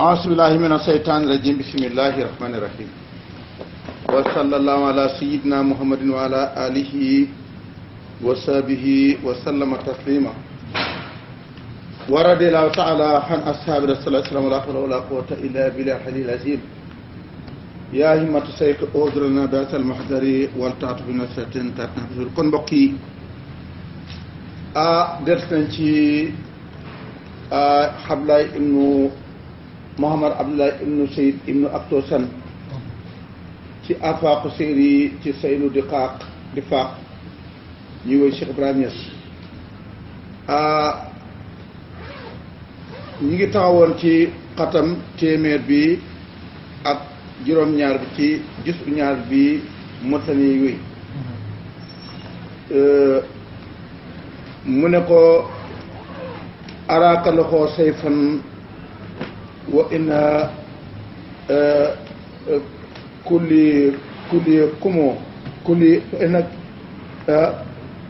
أعوذ بالله من الشيطان الرجيم بسم الله الرحمن الرحيم وصلى الله على سيدنا محمد وعلى آله وصحبه وسلم تسليما ورد الله تعالى عن أصحاب رسول الله صلى الله عليه وسلم ولا قوة إلا بالله العلي العظيم يا himmatu sayk audre na beesal والتعطف wal taatu bi nasratin tatna kon mbokk yi Abdoulaye ibnu Mouhamad Abdoulaye ibnu Sayid ibnu Aktosan ci afaaqu séer yi ci saylu di xaaq di faaq ñuy woy Cheikh Ibrahima Niass ngi taxawoon ci xatam téeméer bi ak juróom-ñaar bi ci jusu ñaar bi motani wéy mu ne ko araaka loxoo sayfan wa ina e, e, kulli kumo kulli ina e,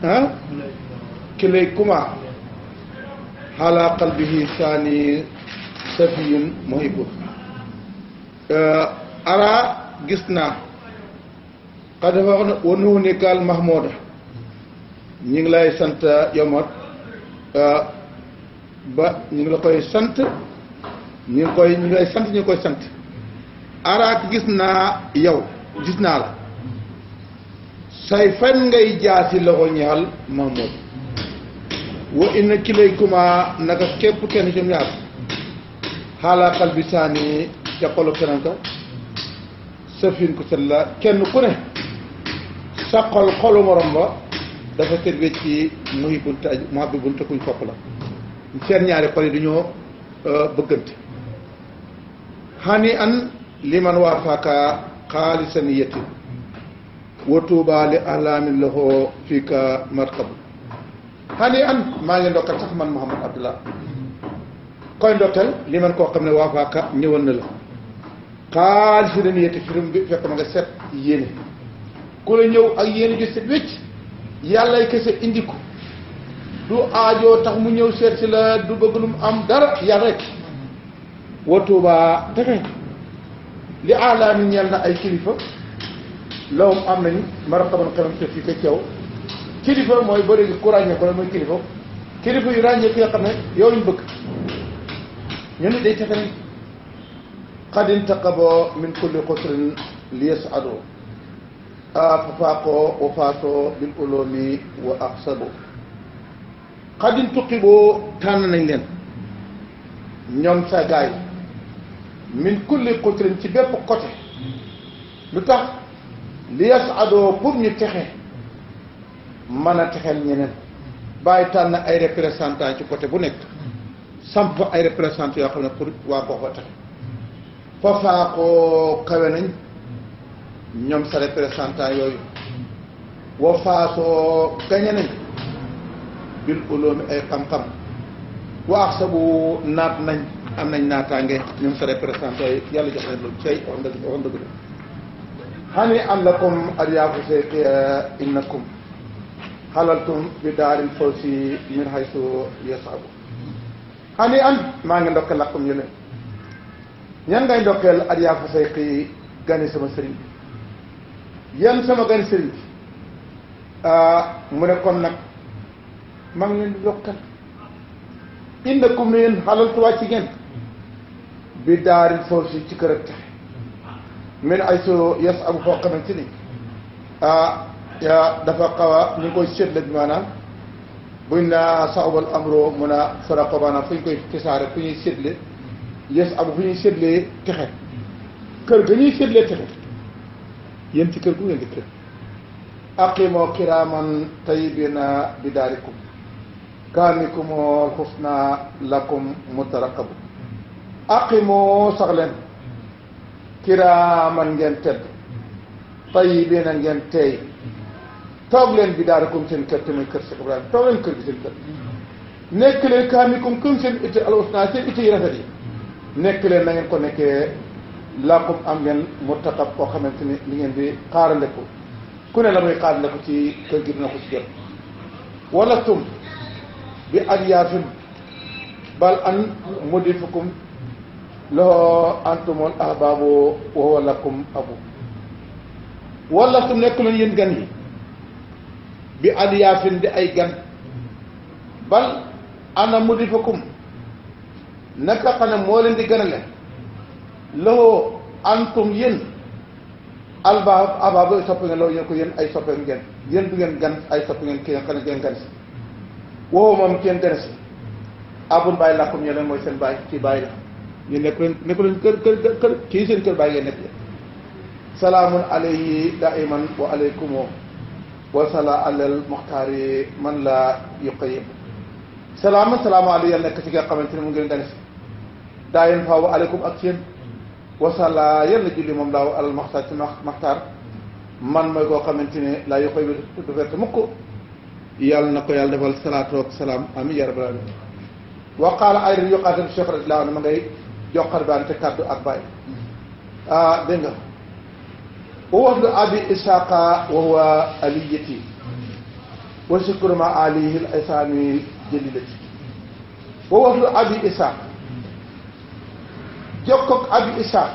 ah kuma xala qalbihi saani safiyun muhibu ara gis naa xa wa nuhu nikaal mahmouda ñi ngi lay sant yomat ba ñu ngi la koy sant ñu ngi koy sant ñu ngi koy sant araak gis naa yow gis naa la say fan ngay jaasi la ko ñaal Mahmoud wa inna kilaykuma naka képp kenn ci ñaar xaalaa xal bi saani ca xolu keneen ka safin ku set la kenn ku ne sa xol xolu morom ba dafa set wecci muy bunta mu habbi bunta kuñ fopp la seen ñaari xol yi dañoo euh, bëggante xani an liman waafaaka xaalisan yetim wa tuubaa li ahlaamin laho fika marxabu xani an maa ngi ndokkal sax man mohamad abdulah koy ndottal liman koo xam ne waafaaka ñëwan na la xaalisanan yeti firim bi fekk ma nga set yéene ku la ñëw ak yéene ju set wécc yàlla y kese indi ko du aajoo tax mu ñëw seet si la du bëgg lu mu am dara yar rek wa texe li aalaami ñeel na ay kilifa lawum am nañu maraqaban xaram te fii ka ceew kilifa mooy ba léegi ku ràññee ko la mooy kilifa kilifa yu ràññee ki nga xam ne yow bëgg ñu ne day texe nañ qad intaqaboo min kulli xusrin li yasadoo a fafaaqoo wa faatoo bil uloomi wa aqsabo xadim tuqi boo tànn nañ leen ñoom sa gaay min kulli qutrin ci bépp côté lu tax li yasadoo pour ñu texe mën a texel ñeneen bàyyi tànn ay représentant ci côté bu nekk samp ay représentant yoo xam ne pour waa koo fa texe fafaa koo kawe nañ ñoom sa représentant yooyu wa faasoo gañe nañ bil uloomi ay xam-xam waax sabu naat nañ am naataange ñoom sa yàlla jox leen loolu cey wax dëgg wax dëgg xani an lakum aryaafu seeqiya innakum xalaltum maa ngi ndokkeel lakum yéen ñan ngay ndokkeel aryaafu seeqi gani sama sëriñ bi sama gani sëriñ ah, mu ne kon nag maa ngi leen di yokkal innakum ne yéen xalal tuwaa ci ngeen bi daari forsi ci kër ak texe min ay so yas abu foo xamante ni ah yaa dafa xaw a ñu ngi koy seetlu maanaam buñ naa saxabal amro mun a farako maanaam fu ñu koy tisaare fu ñuy seetle yas abu fu ñuy seetlee texe kër ga ñuy seetlee texe yéen ci kër gu ngeen di kër aqimoo kiraaman tayyibina bi daarikum kaanikumoo alxusna lakum mutaraqabu aqimoo sax leen kiraaman ngeen tedd tayibiina ngeen teey toog leen bi daarakum seen kër tamit kër Cheikh Ibrahima toog leen kër gi seen kër nekk leen kaanikum comme seen itte alxusna seen yi rafet nekk leen na ngeen ko nekkee lakum am ngeen murtaqab koo xamante ni li ngeen di xaarandeku ku ne la muy ci kër gi dina ko ci jot wala tum bi aryaatin bal an mudifukum loo antumul ahbaabu wa huwa abu wala su nekk leen yéen gan yi bi aryaatin di ay gan bal ana mudifukum naka xam moo leen di gënale loo antum yéen albaab ahbaabu soppe ngeen loo yéen ko yéen ay soppe ngeen yéen du ngeen gan ay soppe ngeen ki nga xam ne ngeen gan si woowu moom kenn deres abun bàyyi làkkum ñu leen mooy seen bàyyi kii bàyyi la ñu nekk leen nekk leen seen kër bàyyi ngeen nekk leen salaamun alayhi daiman wa alaykum wasala alal muxtaari man la yuqayim salaama salaamu alayhi yàlla ci nga xamante ne mu ngeen dane si daa yéen faaw aleykum ak yéen wasala yàlla julli moom laaw alal muxtaar maxtaar man mooy koo xamante ne laa yuqayim du fekk mukk yàlla na ko yàlla defal salaatu ak salaam amiin yaa rabbal aalamiin wa qaala aydan yuqaatil cheikh radiyallaahu anhu ma ngay jox xarbante kàddu ak bàyyi mm-hmm. ah dégg nga wa wafdu abi isaaqa wa huwa aliyati wa shukru ma alihi al isaani jalilati wa wafdu abi isaaq jokkoog abi isaaq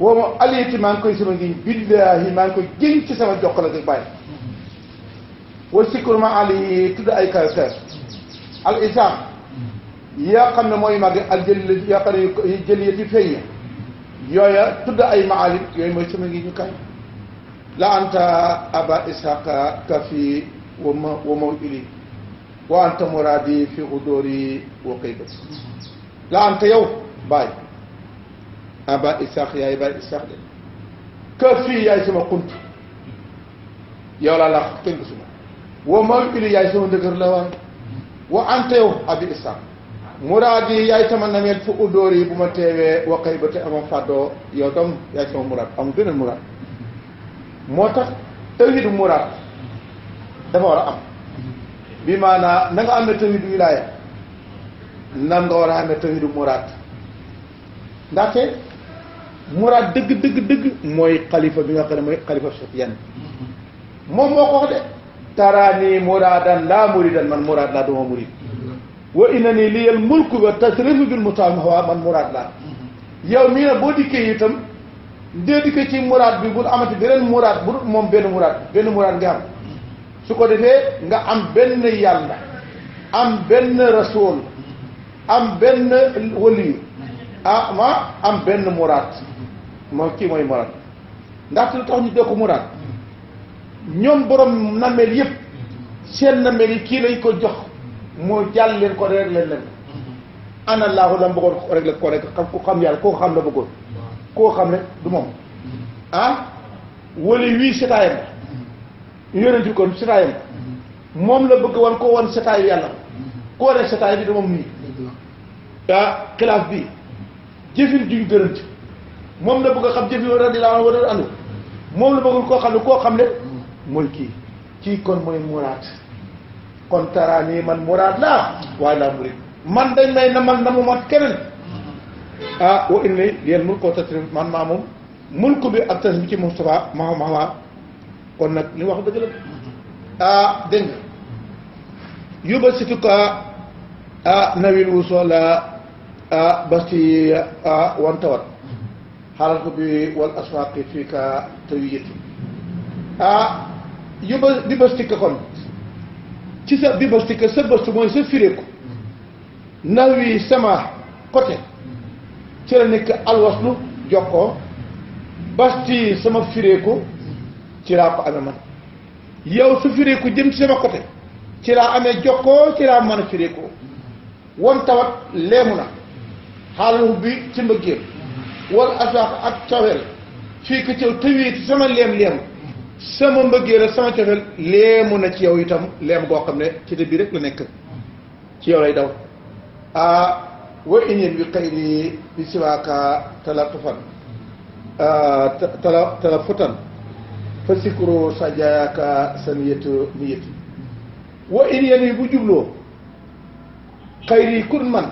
wa ma aliyati maa ngi koy sama ngiñ billaahi maa ngi koy génn ci sama jokkale ak bàyyi wa sikkur ma àll yi tudd ay caractère al isam yaa xam ne mooy màgg ak jëli yaa xam ne tudd ay maalim yooyu mooy sama ngi ñu kañ la anta aba ishaqa kafi wa ma ili wa anta muradi fi udori wa qaybati la anta yow baay aba ishaq yaay baay ishaq de kafi yaay sama kunt yow laa laax tënk suma wo mawqidi yaay sama dëgër la waay wa antew abi islam muraad yaay sama nameel fu udóor yi bu ma teewee waqay ba te ama fàddoo yow tam yaay sama muraad am beneen muraad moo tax tawhidu muraad dafa war a am bi maanaa na nga amee tawhidu muraad ndaxte muraad dëgg dëgg dëgg mooy xalifa bi nga xam mooy xalifa sofiyan moom moo ko wax de taraani muraadan laa muridan man muraad laa duma murid wa inna nii liyal mulku wa tasrifu bil mutahawaa man muraad laa yow mii nag boo dikkee itam ndee dikkee ci muraad bi bul amati beneen muraad bu moom benn muraad benn muraad nga am su ko defee nga am benn yàlla am benn rasool am benn waliyu ah ma am benn muraad moom kii mooy muraad ndaxte lu tax ñu dëkk muraad ñoom borom nameel yëpp seen nameel yi kii lañ ko jox moo jàll leen ko reer leen leen ana laahu la bëggoon rek la ko rek xam xam yàlla koo xam la bëggoon koo xam ne du moom ah wala wii setaayam moom la bëgg wan koo wan setaayu yàlla koo ne bi du moom nii ah xilaaf bii jëfin duñ gërënt moom la bëgg a xam jëfin moom la bëggoon koo xam ne koo xam ne mulki kii kon mooy muraad kon taraani man muraad laa waaye laa murid man dañ may namal namu ma keneen ah wa inni liyal mulku wa tasrif man maa moom mulku bi ak tasrif bi ci Moustapha ma ma kon nag li wax dëgg la ah dégg ah, ah, basti ah wan tawat wal asfaaqi fii ka yu ba bi bastika kon ci sa bi bastika sa bëst mooy sa firéeku naw yi sama côté ci la nekk alwaslu jokkoo basti sama firéeku ci laa ko amee man yow su firéeku jëm sama côté ci laa amee jokkoo ci laa mën a firéeku wan tawat leemu na xaaral bi ci mbëggeel wala asaax ak cawel fii ko cëw sama leem leemu sama mbëggeel ak sama cofeel léemu na ci yow itam léem goo xam ne ci te bii rek la nekk ci yow lay daw ah wa ineen bi xëy lii bi siwaaka ah, tala tufan tala tala futan fa sikru sajaaka san yetu mu yeti wa ineen yi bu jubloo xëy lii kun man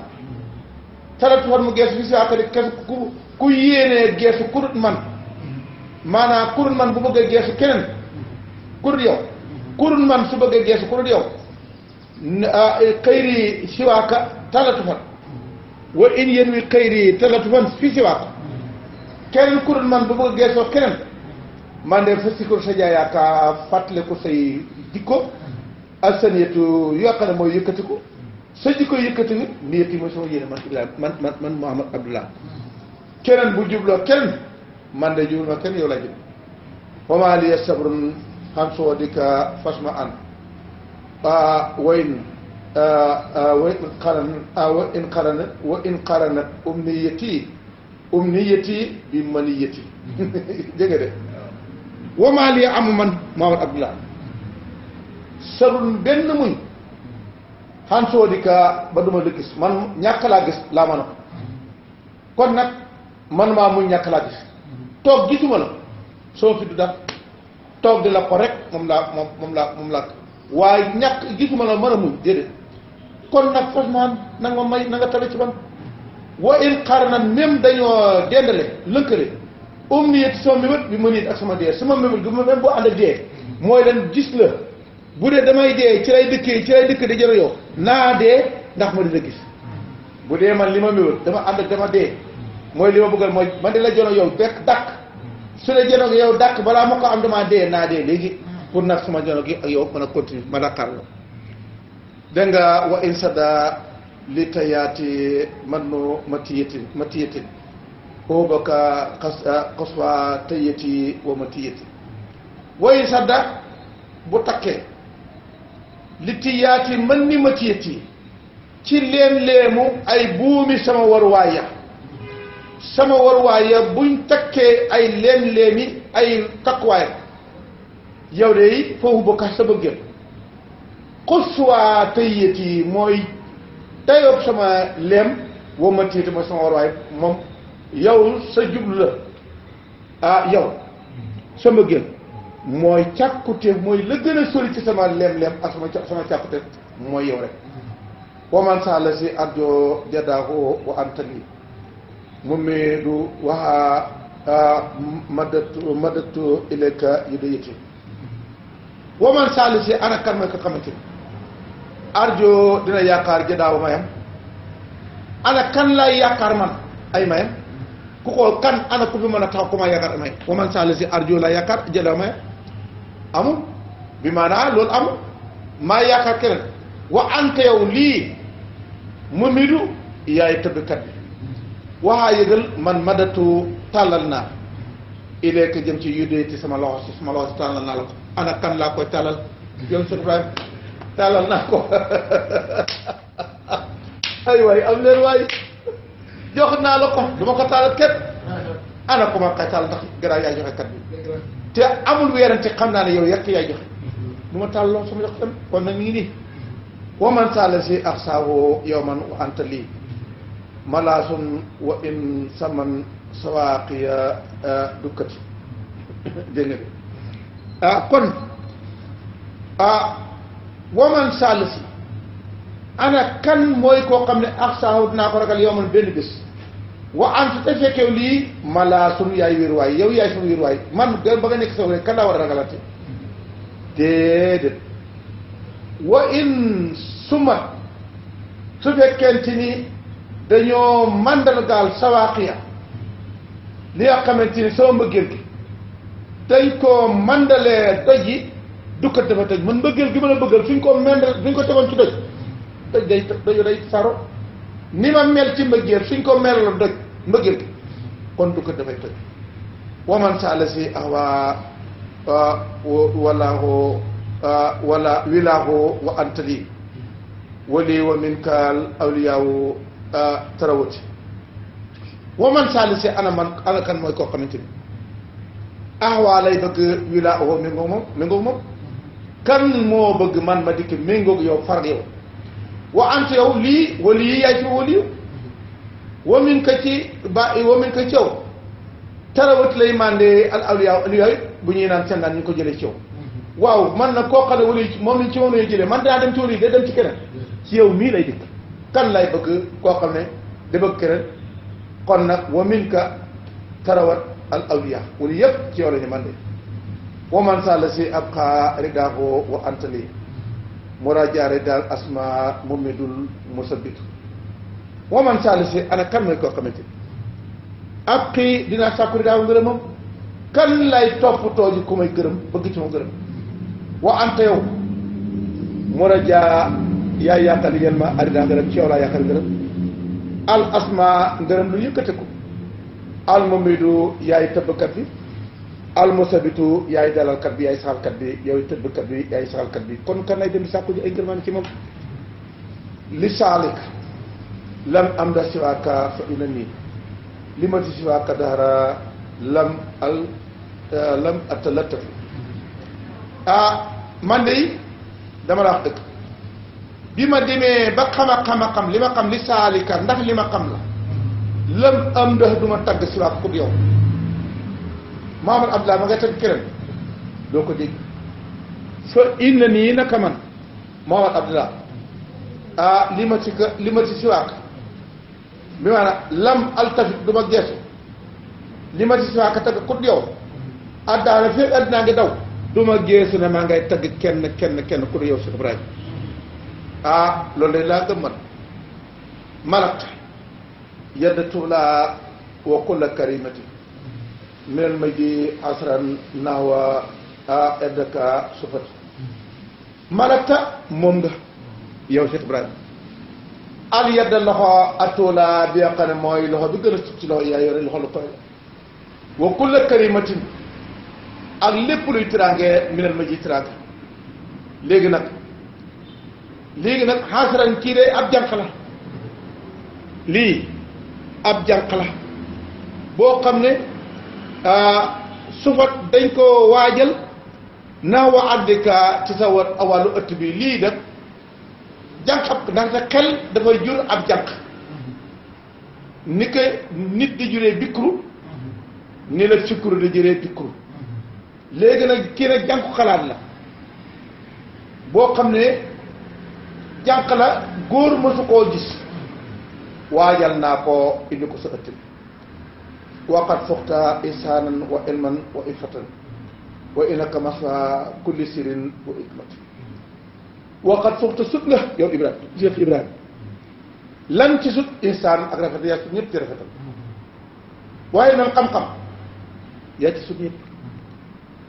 tala mu geesu bi di kas ku ku yéenee geesu kurut man maanaam kurun ah, man bu bëgg geesu keneen kurut yow kurun man su bëgg geesu kurut yow xëyri siwaaka talatu fan wa in yéen wi xëyri talatu fan fii siwaaka keneen kurun man bu bëgg geesoo keneen man de fa sikur sa jaayaaka fàttaliku say jikko ak seen yetu yoo xam ne mooy yëkkatiku sa jikko yëkkati nit nit yi mooy sama yéene man Ibrahima man man man Mouhamad Abdullah keneen bu jubloo keneen man de jiwul ma kenn yow laa jëm wama liya sabrun an soodika fasma an wa in wa in qaranat wa in qaranat umniyati umniyati bi maniyati dégg nga de wama liya amu man Mahamad Abdullah sabrun benn muñ xan soodika ba duma ma gis man ñàkk laa gis kon nag man maa muñ ñàkk toog gisuma la soo fi du daf toog di la ko rek moom laa moom moom laa moom laa waaye ñàkk gisuma la mën a muñ déedéet kon nag fas naan na nga may na nga tale ci man wa in xaar na même dañoo dendale lëkkale um ni sama mébét bi ma nit ak sama dee sama mébét bi ma même boo ànd ak dee mooy lan gis la bu dee damay dee ci lay dëkkee ci lay dëkk di jëme yow naa dee ndax ma di la gis bu dee man li ma mébét dama ànd ak dama dee mooy li ma bëggal mooy man di la jono yow bekk dàq su la jono yow dàq balaa ma ko am damaa dee naa dee léegi pour nag suma jono gi ak yow mën a continuer ma dàqar la dégg nga wa insada li tayaati man nu ma tiyatin ma tiyatin oobaka xas ah, xaswa tayati wa ma tiyati wa insada bu takkee li tiyaati man ni ma tiyati ci léem-léemu ay buumi sama waruwaay ya sama warwaay ya buñ takkee ay leem-leemi ay takkuwaay yow de foofu bokka sa bëggeel xusuwaa tëyyët yi mooy tayoob sama leem woo ma téyati mooy sama warwaay moom yow sa jublu la ah yow sa mbëggeel mooy càkkute mooy la gën a sori ci sama leem-leem ak sama sama càkkute mooy yow rek waman saa la si arjo jadaahu wa antani mumiidu waxaa madatu madatu ilayka yudayati wa man saalisi ana kan mooy ko xamante arjo dina yaakaar jadaaw mayam ana kan lay yaakaar man ay mayam ku xool kan ana ku fi mën a taxaw ku ma yaakaar may wa man saalisi arjo lay yaakaar jadaaw mayam amul bi maanaa loolu amul maa yaakaar keneen wa anta yow lii mumiidu yaay tëbbkat bi waxaa yëgal man madatu tàllal naa ileeka jëm ci yuddee ci sama loxo si sama loxo ana kan laa koy tàllal yow Cheikh Ibrahim tàllal naa ko ay waay am leen waay jox naa la ko du ma ko tàllal képp ana ko ma koy tàllal ndax garaaw yaay joxe kat bi te amul weerante xam naa ne yow yekk yaay joxe du ma tàllal sama jox tam kon nag mi ngi nii waman sàlla si ak saabo yow man anta lii malaasun wa in saman sawaaqiya dukkati dégg nga ah kon ah waman sàll si ana kan mooy koo xam ne ak saaxu dinaa ko ragal yomal benn bés wa an te fekkew lii malaasun yaay wéeruwaay yow yaay sunu wéeruwaay man ba nga nekk saw rek kan laa war a ragalante déedéet wa in suma su fekkente ni dañoo màndargaal sawaaqiya li nga xamante ni sama mbëggeel gi dañ koo màndalee doj yi dukkat dafa tëj man mbëggeel gi ma la bëggal fi ñu ko màndal fi ko tegoon ci doj doj day doj ni ma mel ci mbëggeel fi ñu ko melal doj mbëggeel gi kon dukkat dafay tëj waman saala si ahwa walaahu wala wilaahu wa antali wali wa minkaal awliyaawu tarawati wa man saalisi ana man ana kan mooy koo xamante ni lay bëgg yu laa oo méngoog moom méngoog moom kan moo bëgg man ma dikk méngoog yow far yow wa ant yow lii wala yii yaay ci waliyu wa ka ci ba wa min ka ci yow tarawat lay mandee al awliya aliyaayu bu ñuy naan seen naan ñu ko jële ci yow mm-hmm. waaw man nag koo xam ne waliyu moom lañ ci moom lañu jëlee man daa dem ci waliyu day dem ci keneen mm-hmm. ci yow mii lay dikk kan lay bëgg koo xam ne da bëgg keneen kon nag wa min ka tarawat al awliya wala yëpp ci yow la ñu mën wa man sàll si ab xaa ridaahu wa antali murajaare daal asma mumidul musabitu wa man sàll si ana kan mooy koo xamante ab xii dinaa sàkku ridaahu ngërëmam kan lay toppatoo ji ku may gërëm bëgg ci ma gërëm wa anta yow murajaa yaay yaatal yéen ma arida ngërëm ci yow laa yaatal ngërëm al asma ngërëm lu yëkkate ko al mumidu yaay tëbbkat bi al musabitu yaay dalalkat bi yaay saxalkat bi yow tëbbkat bi yaay saxalkat bi kon kan lay dem di sàkku ay ngërmaan ci moom li saalik lam am da fa ina nii li ma di siwaaka dara lam al lam at lattaf ah, man de dama la wax bi ma demee ba xam a xam li ma xam li saalika ndax li ma xam la lam am ndax tagg si waat yow Mahamad Abdullah ma ngay tagg keneen doo ko dégg fa inna nii naka man Mahamad Abdullah ah, li ma ci li ma ci si waat bi maanaam lam altafit du geesu li ma ci si waat tagg ku yow addaana fépp addinaa ngi daw du ma geesu ne maa ngay tagg kenn kenn kenn ku yow Cheikh Ibrahima ah loolu day laa gëm man malak yedd tublaa wa kulla karimati mel ma ji asran nahwa a eddka sufat malakta moom nga yow Cheikh Ibrahima al yedd loxo atuula bi nga xam ne mooy loxo bi gën a ci loxo yaa yore loxo lu koy la wa kulla karimatin ak lépp luy tiraange minel ma ji tiraange léegi nag léegi nag xaasiran kii de ab jànq la lii ab jànq la boo xam ne sufat dañ ko waajal na wa addika ci sa war awàllu ëtt bi lii def jànq ab ndax sa xel dafay jur ab jànq ni ko nit di juree bikkuru ni la sukkuru di juree bikkuru léegi nag kii nag jànku xalaat la boo xam ne jànq la góor mësu koo gis waajal naa ko indi ko sa ëtt bi wa qad fuxta isaanan wa ilman wa ifatan wa inaka masfa kulli sirin wa ikmat wa qad fuxta sut la yow ibrahim Cheikh ibrahim lan ci sut insaan ak rafet yaa sut ñëpp ci rafetal waaye nag xam-xam yaa ci sut ñëpp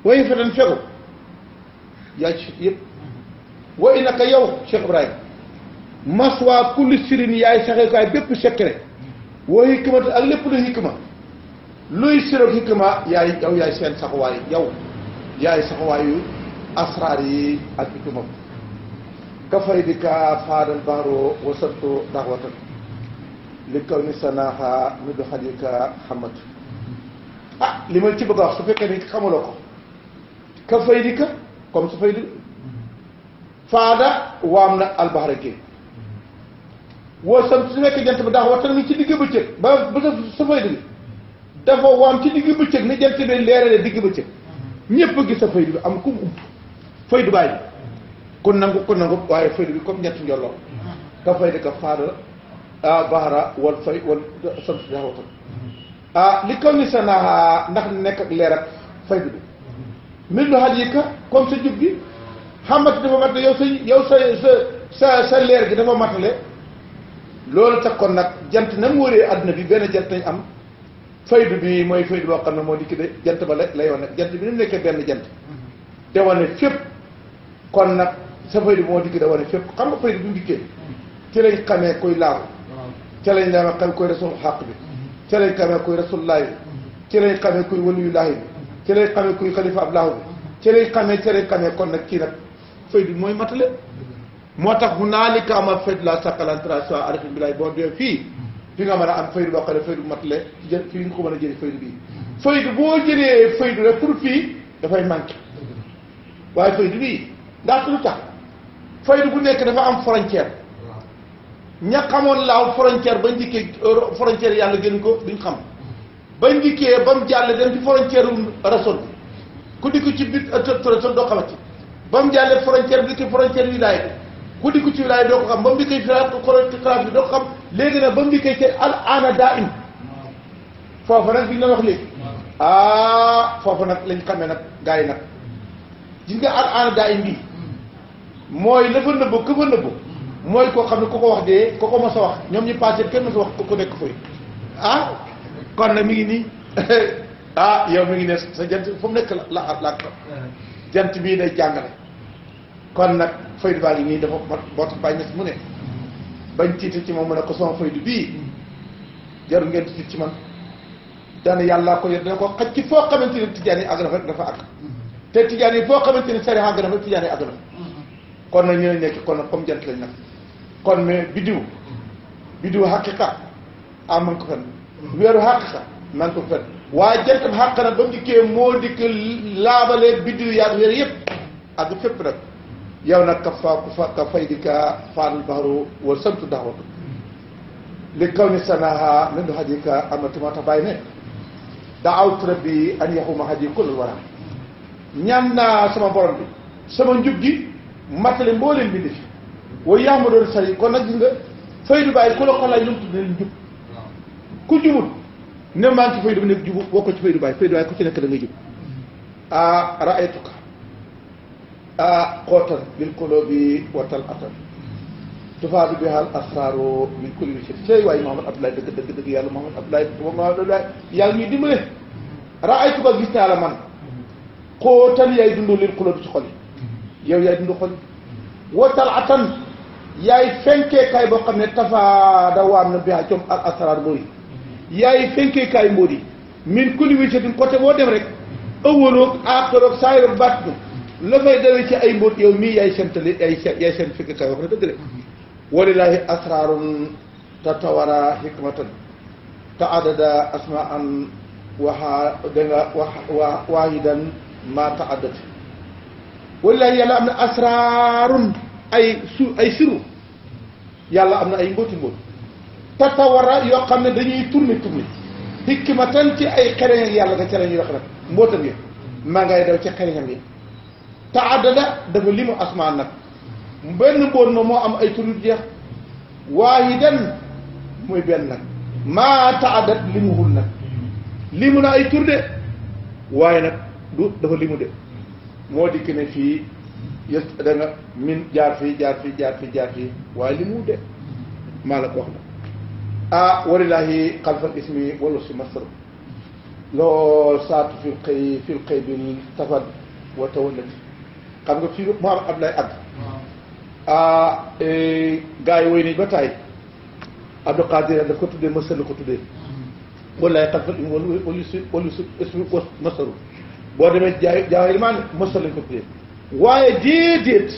wa ifatan fegu yaa ci sut yëpp wa inaka yow Cheikh ibrahim maswa kulli sirin yaay saxee kaay bépp secret woo hikma ak lépp lu hikma luy siroog hikma yaay yow yaay seen saxuwaay yow yaay saxuwaayu asraar yi ak hikma ka faydika faadal baaro wasattu daxwatan li kaw ni sanaaxa mi du xalika xamat ah li ma ci bëgg a wax su fekkee ni xamuloo ko ka faydika comme su faydi faada waam na albaxara géej woo sam su nekk jant bi daa waxtaan ni ci digg bëccëg ba ba sa sa di bi dafa waam ci digg bëccëg ni jant bi leerale digg bëccëg ñëpp gis sa faydu bi am ku mu ump faydu bi kon nangu kon nangu waaye bi comme ñett njolloor ka fayda ka faada ah bahara wal fay wal sam si daa waxtaan ah li kaw ni sa naaxaa nekk ak leer ak faydu bi mit lu xaj yi ka comme sa jub gi xamati dafa mat yow sa yow sa sa sa leer gi dafa matale loolu tax kon nag jant na mu wëree àdduna bi benn jant nañ am faydu bi mooy faydu boo xam ne moo dikki de jant ba lay wane jant bi ni mu nekkee benn jant de wane fépp kon nag sa faydu bi moo dikki de wane xam nga faydu bi mu dikkee ci lañ xamee kuy laaw ci lañ xamee xam koy rasul xaq bi ci lañ xamee kuy rasul laay bi ci lañ xamee kuy waliyu laahi bi ci kuy xalifa ab laahu bi ci lañ xamee kon nag kii nag faydu bi mooy matale moo tax mu naa hunaalika amal faydu la saqalantrasoi arafin bi lay boo dee fii fi nga mën a am faydu boo xam ne faydu matale ci jël nga ko mën a jëlee faydu bii boo jëlee faydu rek pour fii dafay manqué waaye faydu bii ndax lu tax faydu bu nekk dafa am frontière ña xamoon laaw frontière ba dikkee frontière yàlla gën ko duñ xam ba dikkee ba mu jàll dem ci frontière rason bi ku dikk ci biir euh, tërësën doo xamati ba mu jàllee frontière bi dikk frontière wilaaya bi ku dikku ci wilaay doo ko xam ba mu dikkee xalaat ko xoolal ci xalaat bi doo ko xam ba mu dikkee daa in foofu nag bi ñu wax léegi ah foofu nag lañ xamee nag gars yi nag gis nga al ana daa in bii mooy la nëbbu ka nëbbu mooy koo xam ne ku ko wax dee ku ko mos a wax ñoom ñu passé kenn mos a wax ku nekk fooy ah kon nag mi ngi nii ah yow mi ngi ne sa jant fu mu nekk la la la jant bii day jàngale kon nag. faydu baa ngi nii dafa moo tax bàyyi ñett mu ne mm-hmm. bañ tiital ci moom mu ne ko sama faydu bii jarul ngeen tiit ci man daana yàllaa ko yor dana ko xaj ci foo xamante ne tijaan yi àgg na fa rek dafa àgg mm-hmm. te tijaan yi foo xamante ne sari àgg na fa tijaan yi àgg na mm-hmm. kon nag ñu ne nekk kon nag comme jant lañ nag kon mais biddiw biddiw xaqiqa ah man ko fen weeru xaqiqa man ko fen waaye jantam xàq na ba mu dikkee moo dikk laabalee biddiw yaa ngi weer yëpp àgg fépp nag yow nag ka fa ka faydika faanul baxaru wal samtu daxwatu li kaw ni sanaha min du xajika am na tuma tax bàyyi ne daawtu rabbi an yaxuma xaji kullal wara ñaan naa sama borom bi sama njub gi mattale mbooleem bi def waaye yaa ma doon sari kon nag gis nga faydu bàyyi ku la ko laaj lu mu tudd ne njub ku jubul ne maa ngi ci faydu bu nekk jubu woo ko ci faydu bàyyi faydu bàyyi ku ci nekk da nga jub ah raaytuka a qootan bil qulubi watal atan tufaadu bihal asaaru min kulli shay sey waaye Mouhamad Abdoulaye dëgg dëgg dëgg yàlla Mouhamad Abdoulaye Mouhamad Abdoulaye yàlla ñuy dimbale raaytu ko gis naa la man xóotan yaay dund lil xulóobi ci xol yi yow yaay dund xol yi watal atan yaay fenkeekaay boo xam ne tafaada waan na biha coom al asrar mooy yaay fenkeekaay mbóot yi min kulli wi setin côté boo dem rek ëwwaloog aaxiroog saayiroog baatinu la fay dawe ci ay mbóot yow mii yaay seen tali yaay seen yaay seen fikk kay wax na dëgg de mhm. walilaahi asraarun tatawara hikmatan taadada asmaan waxaa danga wax waa waahidan maa taadat walilaahi yàlla am na asraarun ay su ay siru yàlla am na ay mbóoti mbóot tatawara yoo xam ne dañuy tourné tourné hikmatan ci ay xereñ ak yàlla da ca la ñuy wax nag mbootam yi maa ngay daw ci xereñam yi taaddada dafa limu asmaan nag benn mbóon ma moo am ay tur yu jeex waahidan mooy benn nag maa taaddat limuhul nag limu na ay tur de waaye nag du dafa limu de moo dikk ne fii yës da nga min jaar fii jaar fii jaar fii jaar fii waaye limu de maa la ko wax la ah walilaahi xalfal ismi wala si masar lool saatu fil xëy fil xëy bi tafat wa tawallati xam nga fii mu am ab lay àgg ah e, yi woy nañ ba taay Abdou Qadir daf ko tuddee mësal ko tuddee walaay xat fa im walu walu si walu si su boo demee jaay jaay maa ne mësal lañ ko tuddee waaye déedéet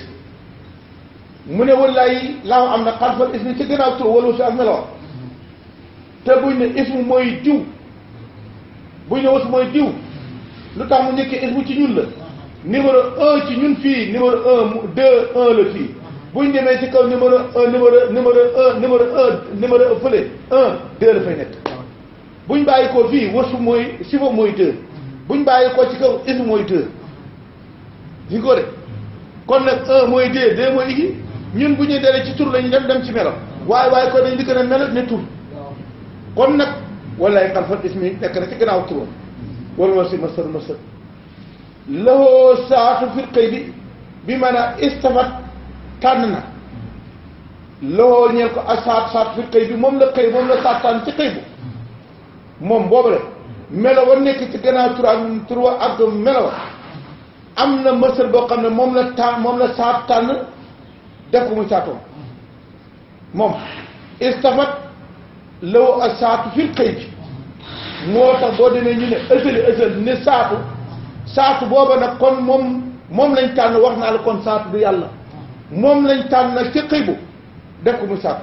mu ne wallaay laaw am na xat fa ismi ci gannaaw tur walu si ak meloon hmm. te buñ ne ismu mooy diw buñ ne wasu mooy diw lu tax mu nekkee ismu ci ñun la numéro un ci ñun fii numéro un deux un la fii bu demee ci kaw numéro un numéro numéro un numéro un numéro fële deux la fay nekk bu ñu bàyyi ko fii wërsu mooy sifa mooy deux bu ñu ci kaw ismu mooy deux ñu ko de kon nag un mooy deux deux mooy igi ñun bu ñuy dalee ci tur lañu dem dem ci melo waaye waaye kon dañ di gën a ne tur kon nag wallaay xalfal ismi nekk na ci gannaaw turam wala ma si ma sër lahoo saatu firqëy bi bi man a istafat tànn na lahoo ñeel ko ak saat saatu firqëy bi moom la xëy moom la saat tànn ci xëy bu moom boobu la melo wa nekk ci gannaaw tur ak tur wa ak melo am na mësal boo xam ne moom la tànn moom la saat tànn def ko muy saatoom moom istafat lahoo ak saatu firqëy bi moo tax boo demee ñu ne ësali ësal ne saatu saatu booba nag kon moom moom lañ tànn wax naa la kon saatu du yàlla moom lañ tànn na ci xibu def ko mu saat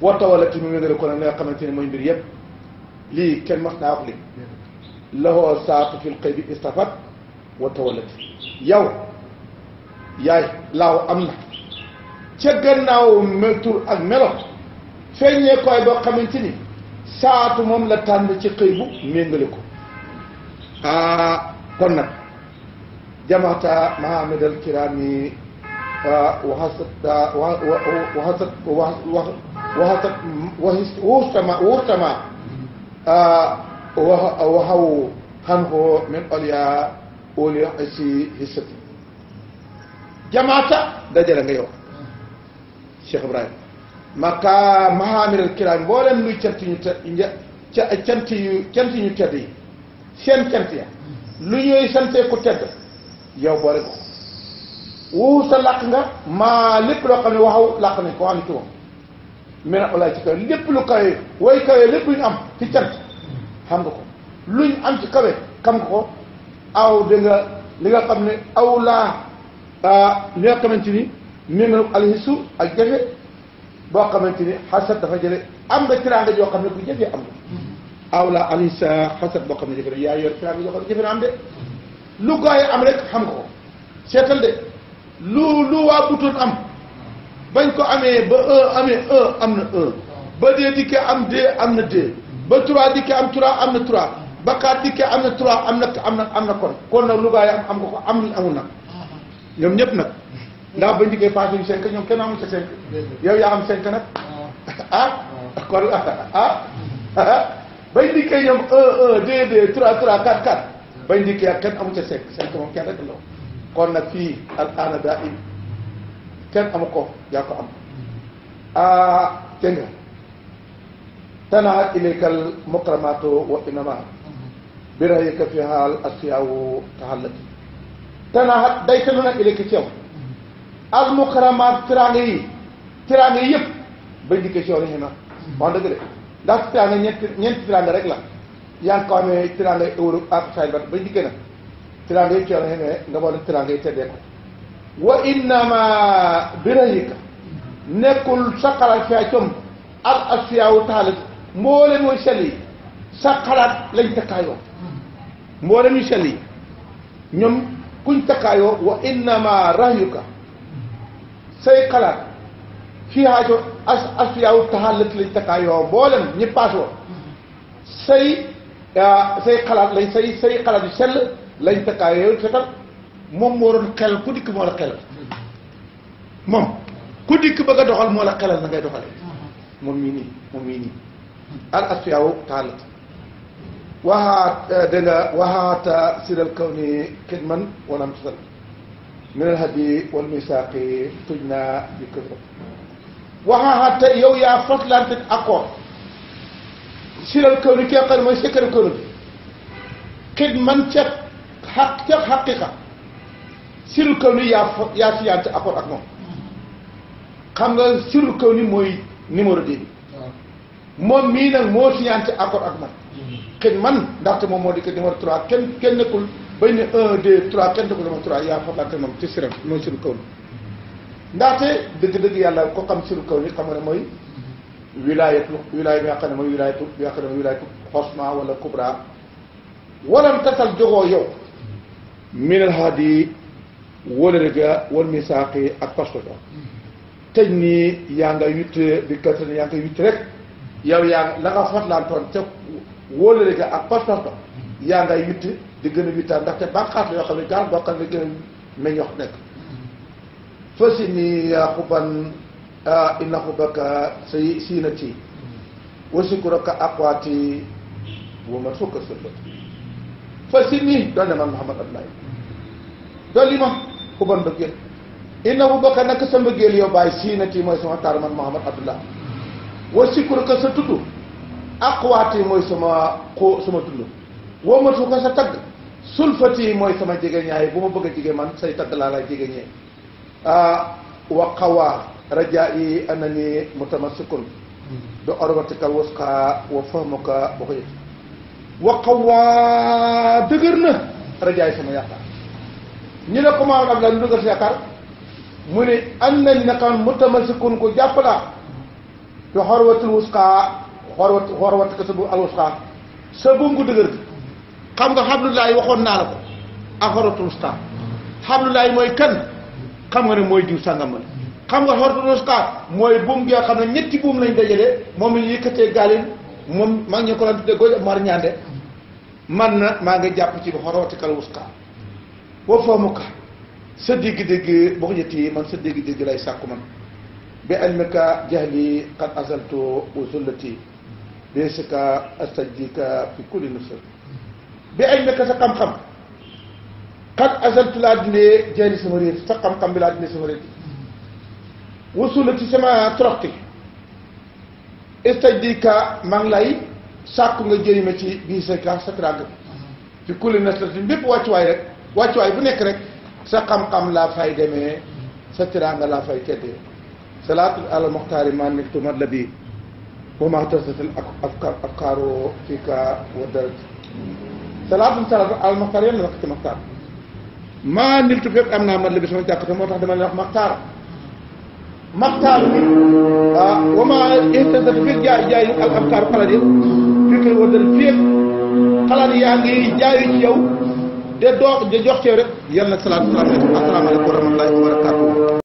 wa tawalati mu wéngale ko nag li nga xamante ne moom bi yëpp lii kenn mas naa wax li lahoo saatu fil xibi istafat wa tawalati yow yaay laaw am na ca gannaaw tur ak melo feeñee koy boo xamante ni saatu moom la tànn ci xëy bu méngale ko ah, kon nag jamaxta mahamid al kirami waxasata ah, waxasat ah, waxasat wuxtama wuxtama ah, waxaw xanhu min olya uli si hisati jamaata dajale nga yow Cheikh Ibrahima maka mahamid al kirami mboolem luy cant ñu te ca cant yu cant ñu tedd yi seen cant ya lu ñuy santee ku tedd yow boole ko wuu sa làq nga maa lépp loo xam ne waxaw làq nañ ko am ci moom mais nag olaay ci kawe lépp lu kawe way kawe lépp lu ñu am ci cant xam nga ko lu ñu am ci kawe xam nga ko aw da li nga xam ne aw laa li nga xamante ni méngalu alxisu ak jafe boo xamante ni xasat dafa jële am nga tiraanga joo xam ne bu jëfee am nga awla anisa xasat boo xam ne defe naa yaa yor plan bi yoo xam ne defe naa am de lu gaa yi am rek xam ko seetal de lu lu waa butoon am bañ ko amee ba un e amee un e am na un e. ba deux dikkee am deux am na deux ba trois dikkee am trois am na trois ba quatre dikkee am na trois am na am na am na kon kon nag lu gaa yi am am ko ko am nañ amul nag ñoom ñëpp nag ndax bañ dikkee passé yu cinq ñoom kenn amul sa cinq yow yaa am cinq nag ah kon ah bañ dikkee ñoom un un deux deux trois trois quatre quatre bañ kenn amu ca sekk sekk moom kenn rek la kon nag fii daa im kenn amu ko yaa ko am ah dégg nga tanaat ilaykal mukaramaatu wa inama birayika fi haal asiyaawu taxallati day tanu nag ilayka ci yow al mukaramaat tiraange yi tiraange yi yëpp bañ dikkee ci yow ndax si teraanga ñett ñeenti teraanga rek la yaa ngi ko amee teraanga Europe ak Saïd ba bañ dikkee nag a teraanga yi coono xamee nga boole teraanga yi teddee ko wa innama birayika nekkul sa xalaat fee ak al asfiyaawu taxalit mboolem mooy sell yi sa xalaat lañ takkaayoo mboolem yu sell yi ñoom kuñ takkaayoo wa innama rayuka say xalaat fii xaaju as asfiyaawu taxallat lañ taqaayoo boolem ñi paas woon say say xalaat lañ say say xalaat yu sell lañ taqaayoo te tam moom moo doon xel ku dikk moo la xelal moom ku dikk bëgg a doxal moo la xelal na ngay doxalee moom mii nii moom mii nii al asfiyaawu taxallat waxaat dégg nga waxaata siral kaw ni xidman wanam sal min al hadi wal misaaqi tujna bi këfrat waxaaxaat te yow yaa faslante accord siral kaw ni kee xam ne mooy secret kaw bi man ca xaq ca xaqiqa siral kaw ni yaa yaa ci accord ak moom xam nga siral kaw ni mooy numéro deux moom mii nag moo siyaante accord ak moom xit man ndaxte moom moo di ko numéro kenn kenn nekkul bañ ne un deux trois kenn nekkul numéro trois yaa faslante moom ci siral mooy siral kaw ni ndaxte dëgg-dëgg yàlla ko xam siru kaw ni xam nga ne mooy wilaayatu wilaaya ne mooy wilaayatu bi nga xam ne mooy wilaayatu xosma wala kubra walam tasal jógoo yow min alhaadi wóolëre ga wal ak pasto ga tëj nii yaa nga witt bi kattan yaa nga witt rek yow yaa la nga fatlaantoon ca wóolëre ga ak pasto ga yaa ngay witt di gën a ndaxte bànqaas la yoo xam ne gaar boo xam ne gën a nekk fasini yaa xuban ina xubaka say siinati hmm. wasikuraka aqwaati wa man fukka sullati doon ne man Muhammad Abdoulaye hmm. dolli ma xuban mbëggeel ina xubaka naka sa mbëggeel yow bàyyi siinati mooy sama taar man Muhammad Abdoulaye hmm. wasikuraka sa tudd aqwaati mooy sama xoo sama tudd wa man sa tagg sulfati mooy sama jege bu ma bëgg a jege man say tagg laa lay jege وقوى رجائي أنني متمسك بعروتك الوثقى وفهمك وغيرك وقوى دغرنا رجائي سما يقار ñi ne ko maam Abdoulaye ñu dëgër si yaakaar mu ne am nañ nakaan mutamassikun ko jàppalaa te xorwatul wuskaa xorwat xorwat ka sa buum ko dëgër xam nga xablullaay waxoon naa la ko ak xorwatul wuskaa xablullaay hmm. mooy kan xam nga ni mooy diw sàngam xam nga orthodoxe ka mooy buum gi xam ne ñetti buum lañ dajalee moom ñu yëkkatee gaalin moom maa ngi ko doon tuddee góor mar ñaande man na maa ngi jàpp ci xorootikal wuska wa foomu ka sa dégg-dégg boo ko jëtti man sa dégg-dégg lay sàkku man bi almika jahli qad azaltu wa zullati bi sika astajika fi kulli nusr bi almika sa xam-xam xat asaltu laa dindee jëri sama réer sa xam-xam bi laa dindee sama réer wasula ci sama troxti staj di ka maa ngi lay sàkku nga jëri ma ci bii sa ka sa tràgg bi ci kulli naslatin bépp wàccuwaay rek wàccuwaay bu nekk rek sa xam-xam laa fay demee sa tiraanga laa fay teddee salaatul ala muxtaari ma nektu mat la bii wa ma tasatil ak afkaaro fii ka wa daraj salaatul salaatul ala muxtaar yam la wax ci muxtaar maa niltu fépp am naa mat la bi sama càkkute moo tax dama leen wax maxtaar maxtaar bi ah wa maa intasat fi jaay jaay yu al abtaar xalaat yi fikir wa dal féeg xalaat yaa ngi jaayu ci yow te doo jox ci yow rek yàlla nag salaatu salaam asalaamaaleykum wa rahmatullahi wa barakatuh